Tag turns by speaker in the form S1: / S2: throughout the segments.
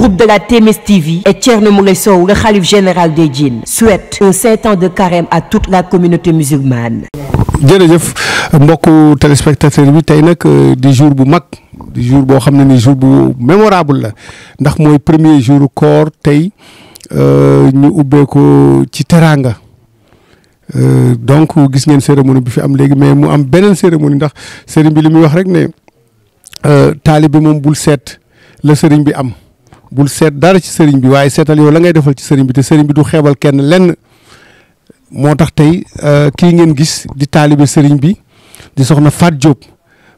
S1: groupe de la TMS TV et Thierno Moulé Sow le khalife général des djinns souhaite un saint de carême à toute la communauté musulmane. jërëjëf mbokku téléspectateur bi tey nag euh, di jour bu mag di jour boo xam ne ni jour bu mémorable la ndax mooy premier jour koor tey euh, ñu ubbee ci teraanga. Euh, donc gis ngeen cérémonie bi fi am léegi mais mu am beneen cérémonie ndax sëriñ bi li muy wax rek ne taalibe moom bul seet la sëriñ bi am. bul seet dara ci sëriñ bi waaye seetal yow la ngay defal ci sëriñ bi te sëriñ bi du xeebal kenn lenn moo tax tey euh, kii ngeen gis di taalibe sëriñ bi di soxna Fat Diop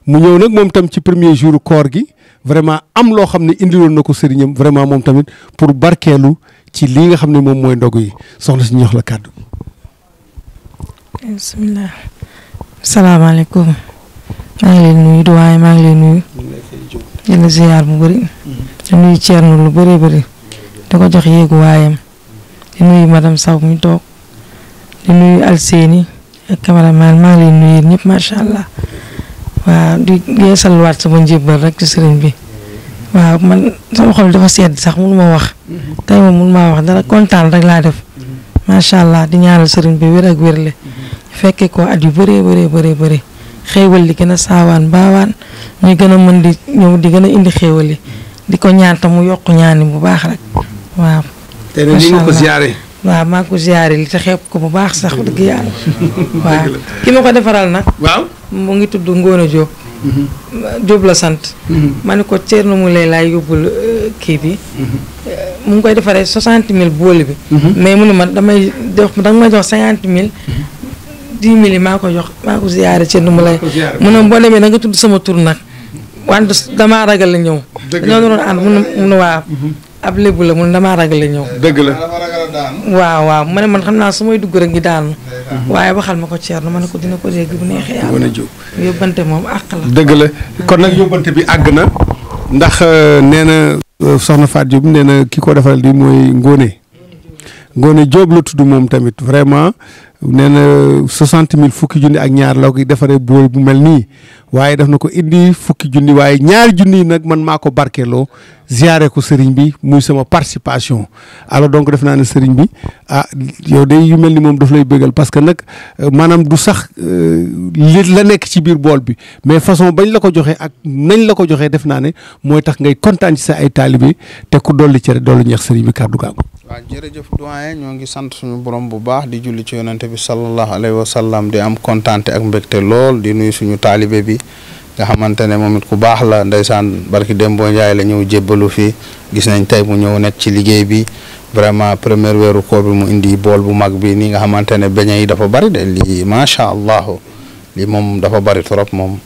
S1: mu ñëw nag moom tam ci premier jour koor gi vraiment am loo xam ne indiloon na ko sëriñam vraiment moom tamit pour barkeelu ci lii nga xam ne moom mooy ndogu yi soxna si ñu la kàddu.
S2: bisimilah. salaamaaleykum. maa ngi leen nuyu du waaye maa ngi leen nuyu. di la ziar mu bëri. di nuyu Thierno lu bëree bëri di ko jox yéegu waayam di nuyu madame Sow mi toog di nuyu Alseeni ak cameraman maa ngi lay nuyu ñëpp macha allah waaw di yeesalwaat sama njébbal rek ci sëriñ bi waaw man sama xol dafa sedd sax mun ma wax tey moom mun maa wax dara kontaan rek laa def macha allah di ñaanal sëriñ bi wér ak wérle ko at yu bëree bëree bëree bëri xéewal li gën a saawaan baawaan ñu gën a mën di di gën a indi xéewal yi di ko ñaan te mu yokk ñaani bu baax rek oh. waaw. te ni nga ko ko li te xeeb ko bu baax sax dëgg yàlla. waaw ki ma ko defaral nag. waaw mu ngi tudd Ngone Diop. Mm-hmm. Diop la sant. Mm-hmm. ma ne ko Thierno Moulay laay yóbbul euh, kii bi. Mm-hmm. mu ngi koy defaree soixante mille boole bi. mais mu ne ma damay jox danga ma jox cinquante mille. dix mille yi maa ko jox maa ko ziare Thierno Moulay. mu ne boo demee da nga tudd sama tur nag wante damaa ragal la ñëw. dëgg la ñoo doon ànd mun na waa. Mhm. ab lébu la mun damaa ragal ñëw. dëgg la waaw waaw ma ne man xam naa su may dugg rek ngi daanu. waaye waxal ma ko Thierno ma ne ko dina ko dégg bu neexee yàlla. mën a jóg yóbbante moom àq la.
S1: dëgg la kon nag yóbbante bi àgg na. ndax euh, nee na euh, soxna Fatou Diop nee na ki ko defal di mooy Ngone. ngoone Diop la tudd moom tamit vraiment nee na soixante mille fukki junni ak ñaar la ko defaree bool bu mel nii waaye def na ko indi fukki junni waaye ñaari junni yi nag man maa ko barkeeloo ziare ko sëriñ bi muy sama participation alors donc def naa ne sëriñ bi ah yow day yu mel ni moom daf lay bëggal parce que nag euh, maanaam du sax euh, lit la nekk ci biir bool bi mais façon bañ la ko joxee ak nañ la ko joxee def naa ne mooy tax ngay kontaan ci sa ay taalibe te ku dolli cere dolli ñeex sëriñ bi kàddu gaangu waaw
S3: jërëjëf doyen ñoo ngi sant suñu borom bu baax di julli ci yonante bi sallallahu alayhi wa sallam di am kontaan ak mbégte lool di nuyu suñu taalibe bi nga xamante ne moom ku baax la ndeysaan barki Dembo Ndiaye la ñëw jébbalu fi gis nañ tey mu ñëw nekk ci liggéey bi vraiment première weeru koor mu indi bool bu mag bi ni nga xamante ne beñe yi dafa bari de lii macha allah lii moom dafa bari trop moom.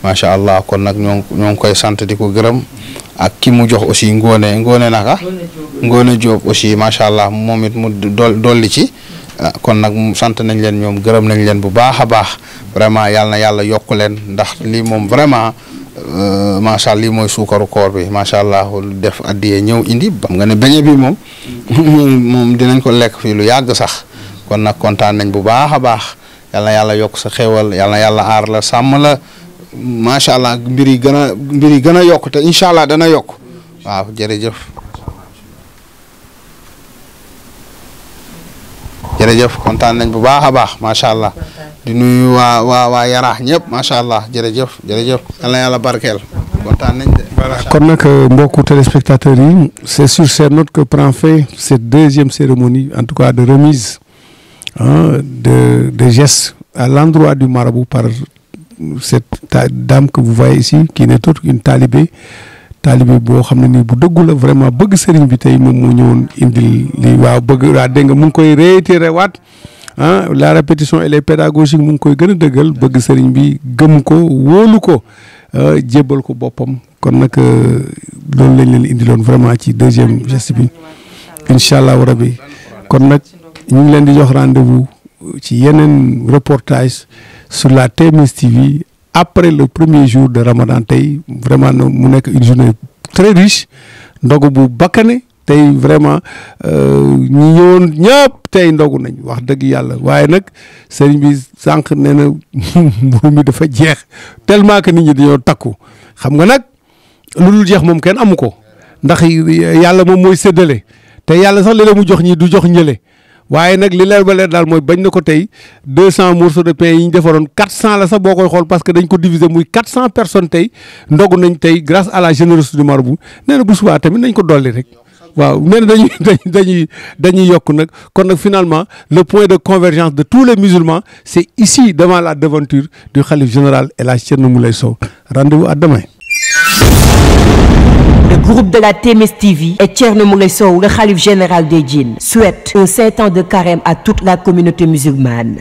S3: macha allah kon nag ñoo ñoo ngi koy sant di ko gërëm ak ki mu jox aussi ngoone ngoone naka ngoone Diop aussi macha allah moom it mu dool dolli ci ah, kon nag sant nañ leen ñoom gërëm nañ leen bu baax a baax vraiment yàlla yàlla yokk leen ndax lii moom vraiment euh, macha allah lii mooy suukaru koor bi macha allah def addiyee ñëw indi ba nga ne beñe bi moom moom dinañ ko lekk fii lu yàgg sax kon nag kontaan nañ bu baax a baax yàlla yàlla yokk sa xéwal yàlla yàlla aar sàmm la macha allah mbir yi gën a mbir gën a yokk te incha allah dana yokk waaw jërëjëf. jërëjëf kontaan nañ bu baax a baax macha allah di waa waa waa yaraax ñëpp macha allah jërëjëf jërëjëf. yal na yàlla barkeel kontaan
S1: de. kon nag euh, mbokku téléspectateurs yi c'est sur ces notes que prend fin cette en tout cas de remise hein, de de à l'endroit du marabout par cette dame que vous voyez ici qui n'est autre qu'une talibé talibé boo xam ne nii bu dëggu la vraiment bëgg sëriñ bi tey moom moo ñëwoon indil li waaw bëgg a dégg nga mu ngi koy réitéré waat ah la répétition elle est pédagogique mu ngi koy gën a dëggal bëgg sëriñ bi gëm ko wóolu ko ah, jébbal ko boppam kon nag euh, loolu lañ leen indiloon vraiment ci deuxième geste bi incha allahu rabi kon nag ñu leen di jox rendez-vous ci yeneen reportage sur la TMS TV après le premier jour de Ramadan tey vraiment mu nekk une journée très riche ndogu bu bakkane tey vraiment euh, ñi ñëwoon ñëpp tey ndogu nañ wax dëgg yàlla waaye nag sëriñ bi sànq nee na mi dafa jeex tellement que ni ñi dañoo takku xam nga nag lu dul jeex moom kenn amu ko ndax yàlla moom mooy séddale te yàlla sax léeg mu jox ñi du jox ñële waaye nag li leer ba leer daal mooy bañ na ko tey 200 morceaux de pain yi ñu defaroon 400 la sax boo koy xool parce que dañ ko diviser muy 400 personnes tey ndogu nañ tey grâce à la générosité du marabout nee na bu subaa tamit ko dolli rek. waaw nee na dañuy dañuy yokk nag kon nag finalement le point de convergence de tous les musulmans c'est ici devant la devanture du khalife général El Hadj Thierno Moulay Sow rendez-vous à demain. groupe de la TMS TV et Thierno Moulé Sow le khalife général des djinns souhaite un saint temps de carême à toute la communauté musulmane